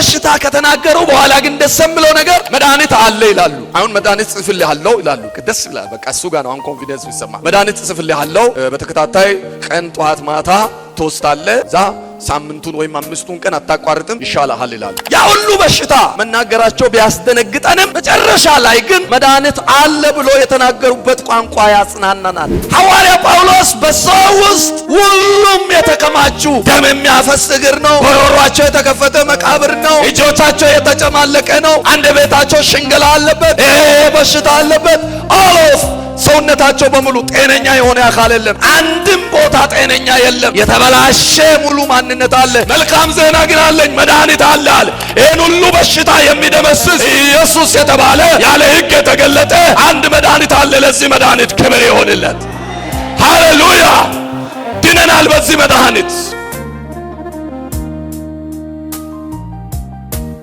በሽታ ከተናገረው በኋላ ግን ደስ የምለው ነገር መድኃኒት አለ ይላሉ። አሁን መድኃኒት ጽፍልሃለሁ ይላሉ። ደስ ይላል። በቃ እሱ ጋር ነው አሁን ኮንፊደንስ ይሰማል። መድኃኒት ጽፍልሃለሁ በተከታታይ ቀን ጠዋት ማታ ትወስዳለህ ዛ ሳምንቱን ወይም አምስቱን ቀን አታቋርጥም፣ ይሻልሃል ይላል። ያ ሁሉ በሽታ መናገራቸው ቢያስደነግጠንም መጨረሻ ላይ ግን መድኃኒት አለ ብሎ የተናገሩበት ቋንቋ ያጽናናናል። ሐዋርያ ጳውሎስ በሰው ውስጥ ሁሉም የተከማቹ ደም የሚያፈስ እግር ነው፣ ጎሮሯቸው የተከፈተ መቃብር ነው፣ እጆቻቸው የተጨማለቀ ነው፣ አንድ ቤታቸው ሽንገላ አለበት፣ በሽታ አለበት አሎ ሰውነታቸው በሙሉ ጤነኛ የሆነ አካል የለም። አንድም ቦታ ጤነኛ የለም። የተበላሸ ሙሉ ማንነት አለ። መልካም ዜና ግን አለኝ፣ መድኃኒት አለ አለ። ይህን ሁሉ በሽታ የሚደመስስ ኢየሱስ የተባለ ያለ ሕግ የተገለጠ አንድ መድኃኒት አለ። ለዚህ መድኃኒት ክብር ይሆንለት። ሃሌሉያ! ድነናል በዚህ መድኃኒት